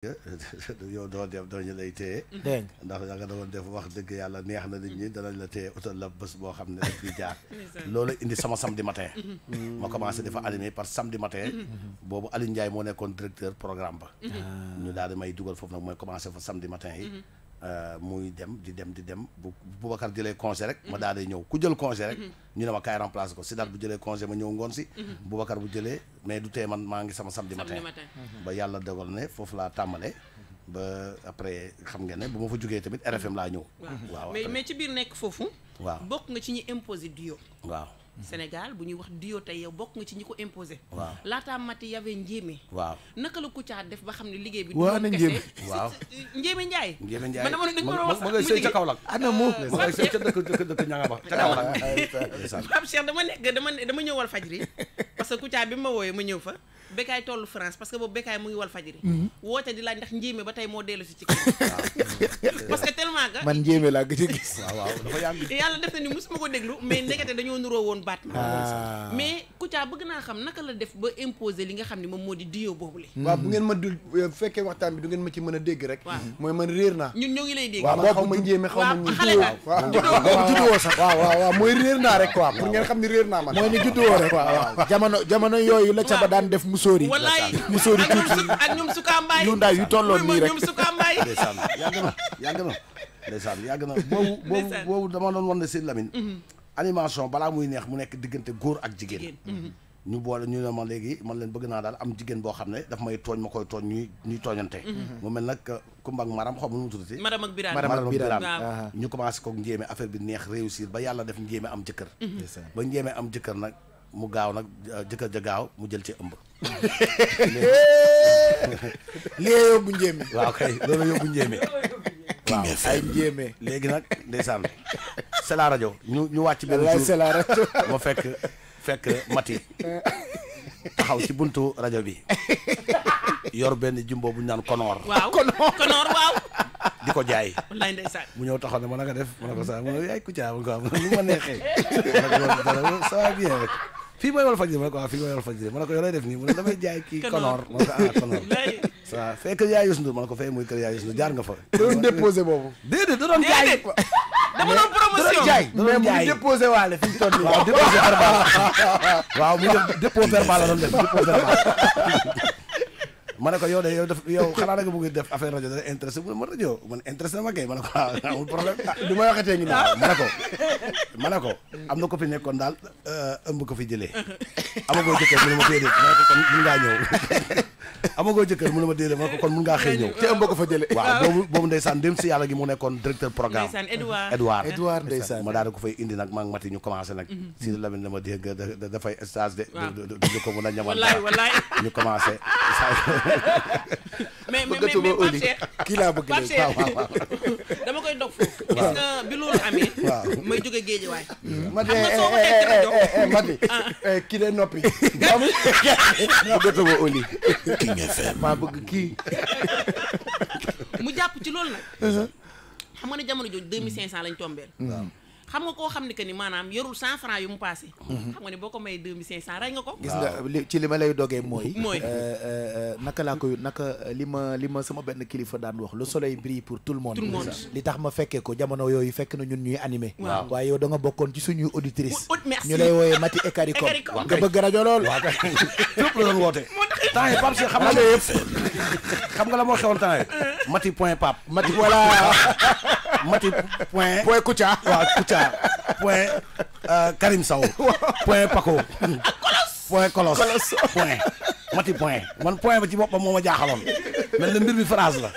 yow doo dem doo ñu lay téye. dégg ndax da nga doon def wax dëgg yàlla neex na nit ñi danañ la téye oto la bés boo xam ne daf fi jaar. loolu indi sama samedi matin. Mm-hmm. ma commencé dafa animé par samedi matin. Mm-hmm. boobu Aliou Ndiaye moo nekkoon directeur programme ba. Mm-hmm. ñu daal di may dugal foofu nag mooy commencé fa samedi matin yi. Euh, muy dem di dem di dem bu Boubacar jëlee congé rek ma daal di ñëw ku jël congé rek ñu ne ma kaay remplacer ko si daal bu jëlee congé ma ñëw ngoon si Boubacar bu jëlee mais du tee man maa ngi sama samedi matin ba yàlla dogal ne foofu laa tàmbalee ba après xam nga ne bu ma fa jógee tamit RFM laa ñëw waaw mais mais ci biir nekk foofu bokk nga ci ñi imposé du waaw Mm-hmm. Sénégal bu ñuy wax duo tey yow bokk nga ci ñi ko imposé. waaw laataa mati yawee njéeme. waaw naka la Kouthia def ba xam ne liggéey bi. waaw na njéeme waaw njéeme Ndiaye. njéeme Ndiaye man dama ne dañu ma ngay sëy ca Kaolack. ana ah, ma ngay sëy ca dëkk dëkk dëkk ñanga ba ca Kaolack. Pape Cheikh dama nekk dama dama ñëw Walfadjri parce que Kouthia bi ma wooyee ma ñëw fa. Bécaye tollu France parce que boobu Bécaye mu ngi wal fajiri mhm. woote di laaj ndax njéeme ba tey moo dellu si ci parce que tellement que man njéeme laa gëj a gis waaw dafa yàgg yàlla def na ni mosuma ko déglu mais ndekete dañoo nuroo woon baat ma ah. mais Kouthia bëgg naa xam naka la def ba imposer li nga xam ne moom moo di duo boobu la waaw bu ngeen ma dul euh, fekkee waxtaan bi du ngeen ma ci mën a dégg rek mooy man réer naa ñun ñoo ngi lay dégg waaw xaw ma njéeme xaw ma ñu waaw juddoo sax rek xam ne réer naa man mooy ni juddoo waaw jamono yooyu la ca ba daan def musóor yi wallaay musóor yi tuuti ak ñoom sukaa mbaay yu ndaw yu nii rek ñoom sukaa yàgg na yàgg yàgg na boobu boobu boobu dama doon wan ne seen Lamine mm-hmm. animation balaa muy neex mu nekk diggante góor ak jigéen. Mm-hmm. ñu boole ñu ne ma léegi man leen bëgg naa daal am jigéen boo xam ne daf may tooñ ma koy tooñ ñuy ñuy tooñante. Mm-hmm. mu mel nag euh, Kumba ak Maram xaw ma nu mu tuddati. Maram ak Birane Maram ak Birane ñu commencé koog njéeme affaire bi neex réussir ba yàlla def njéeme am jëkkër. Mm-hmm. ba njéeme am jëkkër nag mu gaaw nag euh, jëkkër ja gaaw mu jël ci ëmb. lii yóbbu njéeme. waaw kay loolu léegi nag ndeysaan c'est rajo ñu ñu wàcc benn jour c'est fekk fekk mati euh. taxaw ci buntu rajo bi yor benn jumbo bu ñu naan waaw di ko jaay mu ñëw taxaw ne ma naka def ma ne ko saa mu ne yaay ku mu ne ko am ah, lu neexee fii mooy Walfadjri ma ne ko ma ne ko yoo lay def nii damay jaay kii konoor ma ko ah konoor waaw fee kër yaay Youssou Ndour ma ne ko fee muy jaar nga fa da boobu déedéet da jaay dama jaay mais waale fi mu toll nii waaw déposé verbal waaw mu def dépôt verbal la doon def dépôt verbal ma ne ko yow de yow def yow xanaa da nga bëgg def affaire rajo dana intéressé bu ma rajo man intéressé ma kay ma ko ma ne ko am na ko fi nekkoon daal ëmb ko fi jëlee amagoo jëkkër mu ne ma déedéet ma ne ko kon mun ngaa mu ne ma déedéet ma kon mun ngaa xëy ñëw te ëmb ko fa jëlee waaw boobu boobu ndeysaan dem si yàlla gi mu nekkoon directeur programme Edouard Edouard ndeysaan ma daal di ko fa indi nag maa ngi mati ñu commencé nag si Lamine dama dégg dafay stage de du ko mun a ñamal ñu commencé mais mais mais Pape Cheikh kii laa bëgg dama koy dog foofu. bi loolu amee. may jóge géej waay. Mm. Eh, eh, ma de eh, Mati ah. kii de noppi. maa bëgg kii. mu jàpp ci loolu nag. Uh-huh. xam nga ne jamono jooju deux mille cinq cent lañ tombeel. Mm. xam nga koo xam ne que ni maanaam yorul 100 francs yu mu passé mhm. xam nga ne boo ko may 2500 mille rey nga ko gis nga ci li ma lay dogee mooy mooy euh, euh, naka laa koy naka li ma li ma sama benn kilifa daan wax le soleil brille pour tout le monde li tax ma fekkee ko jamono yooyu fekk na ñun ñuy animé waaye yow da nga bokkoon ci suñu auditrice ñu lay wooyee Mati Ekariko nga bëgg rajo lool fépp la doon woote temps yi Pape si xam nga yëpp xam nga la moo xewoon temps yi euh. Mati point pap Mati voilà mati point. point Kouthia. waaw Kouthia point euh, Karim point Paco. point Kolos point mati point man point ba ci boppam moo ma jaaxaloon mel na mbir mi phrase la.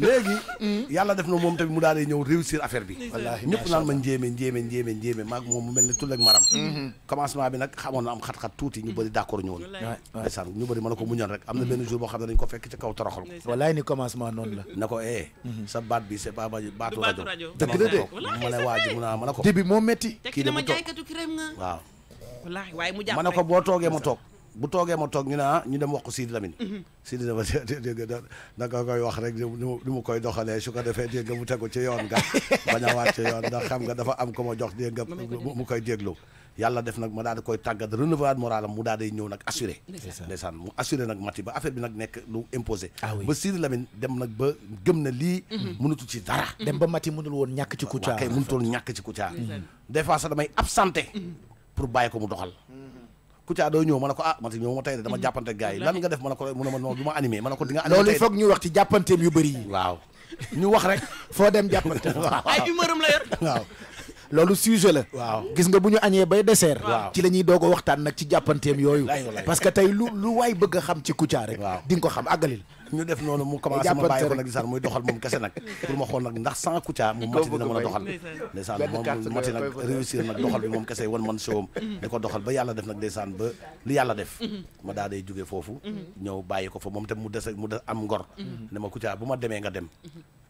léegi mm. yàlla def na moom tamit mu daal di ñëw réussir affaire bi wallaahi ñëpp naan ma njéeme njéeme njéeme njéeme maag moom mu mel ne tul ak maram mm-hmm. commencement bi nag xamoon na am xat-xat tuuti ñu bëri d'accord ñëwoon ndeysaan ñu bëri mën na ko muñal rek am na mm-hmm. benn jour boo xam ne dañ ko fekk ci kaw toroxal ko wallaahi ni commencement noonu la na ko ee eh, mm-hmm. sa baat bi c'est pas baatu rajo dëgg la de ma ne waa ji naa ma ne ah, ko début moo metti kii de mu toog waaw waaye mu jàpp ma ne ko boo toogee ma toog bu toogee ma toog ñu ne ah ñu dem wax ko Sidi Lamine. Mhm. Sidi da nga koy wax rek ni mu ni mu koy doxalee su ko defee dégg mu tegu ci yoon nga bañ a waat ci yoon ndax xam nga dafa am ko ma jox dégg nga mu koy déglu. yàlla def nag ma daal di koy tàggat renouveler moralam mu daal di ñëw nag assuré ndeysaan mu assuré nag mati ba affaire bi nag nekk lu imposé ah ba Sidi Lamine dem nag ba gëm na lii mhm. mënutu ci dara mhm. dem ba mati mënul ñàkk ci Kouthia kay mënutoon sax damay absenté pour Kouthia doo ñëw ma ne ko ah man si ñëw ma tey de dama mm-hmm. jàppante gars yi lan nga def ma a ko mu ne ma non du ma animé ko di nga animé loolu foog ñu wax ci jàppanteem yu bëri yi waaw ñu wax rek foo dem jàppante waaw ay humeuram la yor waaw loolu sujet la waaw gis nga bu ñu añee bay dessert ci la ñuy doog waxtaan nag ci jàppanteem yooyu parce que tey lu lu waay bëgg a xam ci Kouthia rek di ko xam àggalil ñu def noonu mu commencé ma bàyyi ko nag lisaan muy doxal moom kese nag pour ma xool nag ndax sans a doxal ndeysaan moom mati nag réussir nag doxal bi moom kese wan man showam mhm. mhm. fa moom tam mu des mu des am ngor mhm. ne ma bu ma demee nga dem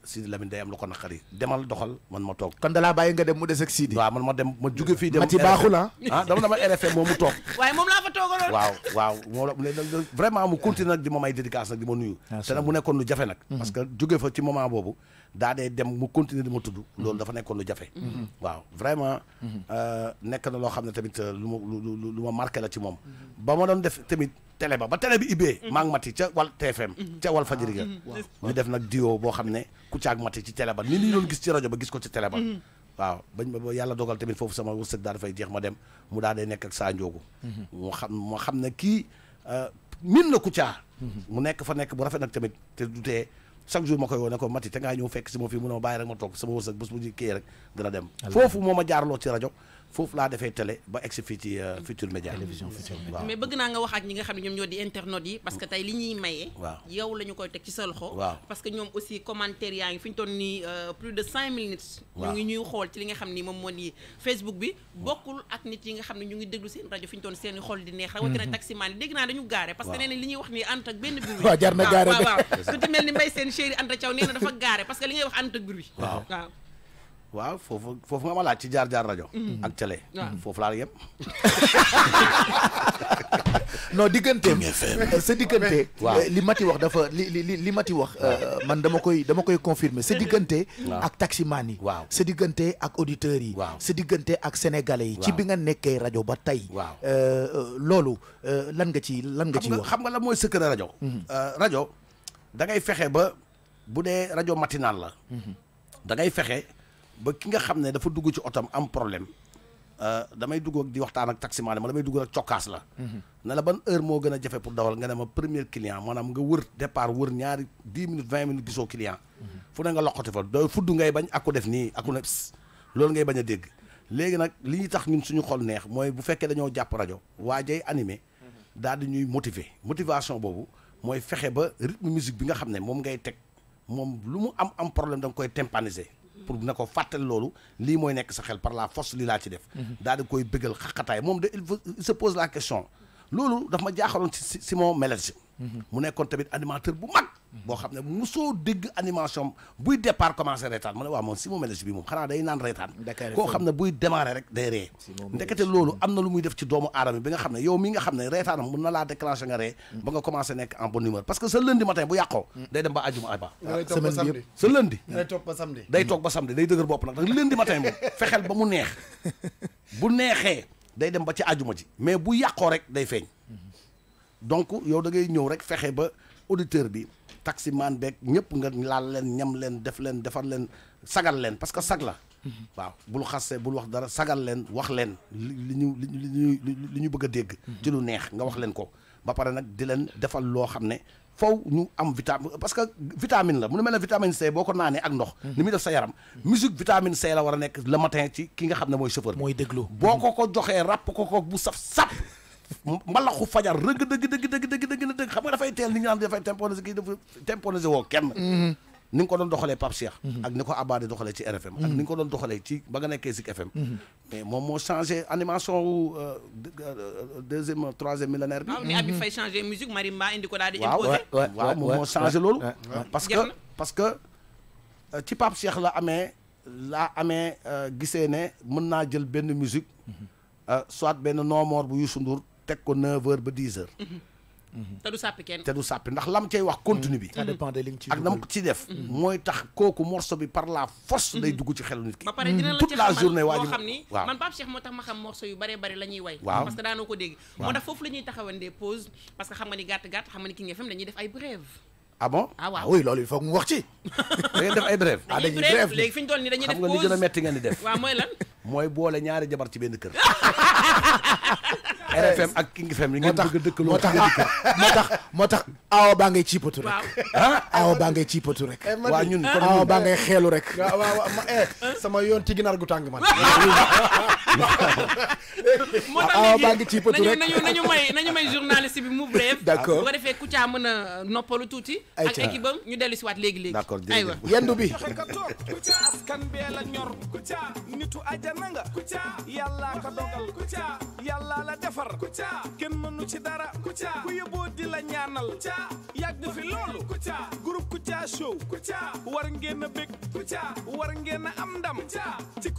Sidi Lamine day am lu ko naqari demal doxal man ma toog. kon dalaa bàyyi nga dem mu des ak Sidi. waaw man ma dem ma jóge fii. dem ma ci baaxul ah. ah dama ma may dédicace nag di ah, mhm. fa ci moment boobu daa dee dem mu continuer di ma tudd. Mhm. loolu dafa nekkoon lu jafe. Mhm. waaw vraiment. Euh, nekk na loo xam ne tamit euh, lu ma lu ma marqué la ci moom. ba ma doon def tamit. télé ba ba télé bi ibee mhm. maa ngi ca wal TFM mhm. ca wal fajiri ga ah, mhm. ñu def nag diwo boo xam ne ku caag mati ci télé ba ni ñu doon gis ci rajo ba gis ko ci télé ba waaw bañ ma yàlla dogal tamit foofu sama wërsëg daal dafay jeex ma dem mu daal day nekk ak saa njoogu mu xam moo xam ne kii euh, min na Kouthia mu nekk fa nekk bu rafet nag tamit te du tee chaque jour ma koy woo ne ko Mati te ngaa fekk si ma fii mu ne ma bàyyi rek ma toog sama wërsëg bés bu ñu kii dem foofu moo ma jaarloo ci rajo foofu laa defee télé ba egsi fii ci euh, Futurs Médias télévision Futurs Médias mais bëgg naa nga wax ak ñi nga xam ne ñoom ñoo di internautes yi parce que tey li ñuy maye waaw yow la koy teg ci sa loxo waaw ñoom aussi commentaires yaa ngi fi ñu toll nii euh, plus de cinq mille nit ñu ngi ñuy xool ci li nga xam ni moom moo di Facebook bi bokkul ak nit yi nga xam ne ñu ngi déglu seen rajo fi ñu toll seen xool di neex rawatina mhm. taximaan naa dañu gaare parce nee na li ñuy wax nii ànd ak benn bruit waaw jar na gaare waaw ku ci mel ni Mbaye seen chéri Anta Thiaw nee na waaw foofu foofu nga ma laaj ci jaar jaar rajo. Mm-hmm. ak télé. Mm-hmm. foofu laa yem. non diggante sa diggante. li Mati wax dafa li li li Mati wax. Euh, man dama koy dama koy confirmer sa diggante. ak taximaan yi. waaw sa diggante ak auditeurs yi. waaw sa diggante ak sénégalais yi. ci bi nga nekkee rajo ba tey. waaw euh, euh, loolu lan nga ci lan nga ci wax. xam nga la mooy secret rajo. Mm-hmm. rajo da ngay fexe ba bu dee rajo matinal la. da fexe. ba ki nga xam ne dafa dugg ci otam am problème euh, damay dugg ak di waxtaan ak taximaan ma damay dugg ak cokkaas la. Mhm. na la ban heure moo gën a jafe pour dawal nga ne ma premier client maanaam nga wër départ wër ñaari dix minutes vingt minutes gisoo client. Mhm. fu ne nga loqati fa doo fudd ngay bañ ak ku def nii ak ku ne loolu ngay bañ a dégg. léegi nag li ñu tax ñun suñu xol neex mooy bu fekkee dañoo jàpp rajo waa jay animé mhm. daal di ñuy motiver motivation boobu mooy fexe ba rythme bi nga xam ne moom ngay teg moom lu mu am am problème da koy tympaniser. pour na ko fàttali loolu lii mooy nekk sa xel par la force lii laa ci def daal di koy bëggal xaqataay moom de il se pose la question loolu daf ma jaaxaloon si Simon Mélèze Mm-hmm. mu nekkoon tamit animateur bu mag. Mm-hmm. boo xam ne musoo dégg animation buy départ commencé reetaan ma ne waa moom si moom énergie bi moom xanaa day naan ne buy démarré rek day ree loolu am na lu muy def ci doomu aadama bi nga xam ne yow mi nga xam ne reetaanam mun na laa déclenché nga ree mm. ba nga en bonne humeur parce que sa lundi matin bu yàqoo mm. day dem ba àjjuma ay sa lundi day toog ba samedi day toog ba samedi day dëgër bopp nag dag lundi matin mu neex bu neexee day dem ba ci àjjuma ci mais bu yàqoo rek day feeñ donc yow dangay ñëw rek fexe ba auditeur bi taximaan beeg ñëpp nga laal leen ñam leen def leen defal leen sagal leen parce que sag la. Mhm. waaw bul xasse bul wax dara sagal leen wax leen li ñu li ñu li ñu bëgg a dégg. Mhm. ci lu neex nga wax leen ko. ba pare nag di leen defal loo xam ne faw ñu am vitamine parce que vitamine la mu ne mel ne vitamine C boo ko naanee ak ndox. Mhm. ni muy def sa yaram. musique vitamine C la war a nekk la matin ci ki nga xam ne mooy chauffeur. mooy déglu boo ko ko joxee ràpp ko ko bu saf sap. mbalaxu fajar deug deug deug deug deug dëgg deug xam nga da fay tel ni nga da fay temporiser ki da temporiser woo kenn mhm. ni nga ko don doxale pap Cheikh mhm. ak ni ko Abadé doxale ci RFM ak mhm. ni nga ko doon doxalee ci ba nga nekkee ci FM mais mom mo changer animation wu euh, euh, euh, deuxième troisième millénaire bi mais Abi fay changer musique marimba indi ko daal di imposé waaw mom mo changer lolou parce que parce que ci pap Cheikh la amé la amé gisee ne mën naa jël ben musique soit ben nomor bu Youssou Ndour teg ko 9 ba 10h. Mhm. Mhm. te du sàppi kenn te du sàppi ndax lam cay wax continue bi. ça de li nga ciy ak nam ci def. Mhm. mooy tax kooku morceau bi par la force. day dugg ci xelu nit ki. ba pare dina la toute la journée waa ji xam ni man ko dégg. la ñuy taxawandee pause parce que xam nga ni xam nga ni King FM ah ah, ah loolu il mu wax ci. da ngeen def ay brève. léegi fi ñu nii dañuy def pause xam a mooy lan. mooy boole ñaari jabar ci benn kër. RFM ak King FM li ngeen bëgg a moo tax moo tax moo tax awa baa ngay ciipatu rek. Ah, awa baa ngay ciipatu rek. Eh, waa ñun kon ah. baa ngay xeelu rek. Eh, sama yoon ci ginaar gu tàng man. awa baa ngi ciipatu rek ko defee mën a noppalu tuuti. ak équipe am ñu dellu si waat léegi léegi. d'accord jërëjëf aywa yendu bi. na nga Kouthia yàllaa ko dogal Kouthia yàllaa la defar Kouthia kenn mënu ci dara Kouthia ku yóbboo di la ñaanal Kouthia yàgg fi loolu Kouthia groupe Kouthia show Kouthia war ngeen a bég Kouthia war ngeen a am ndam ci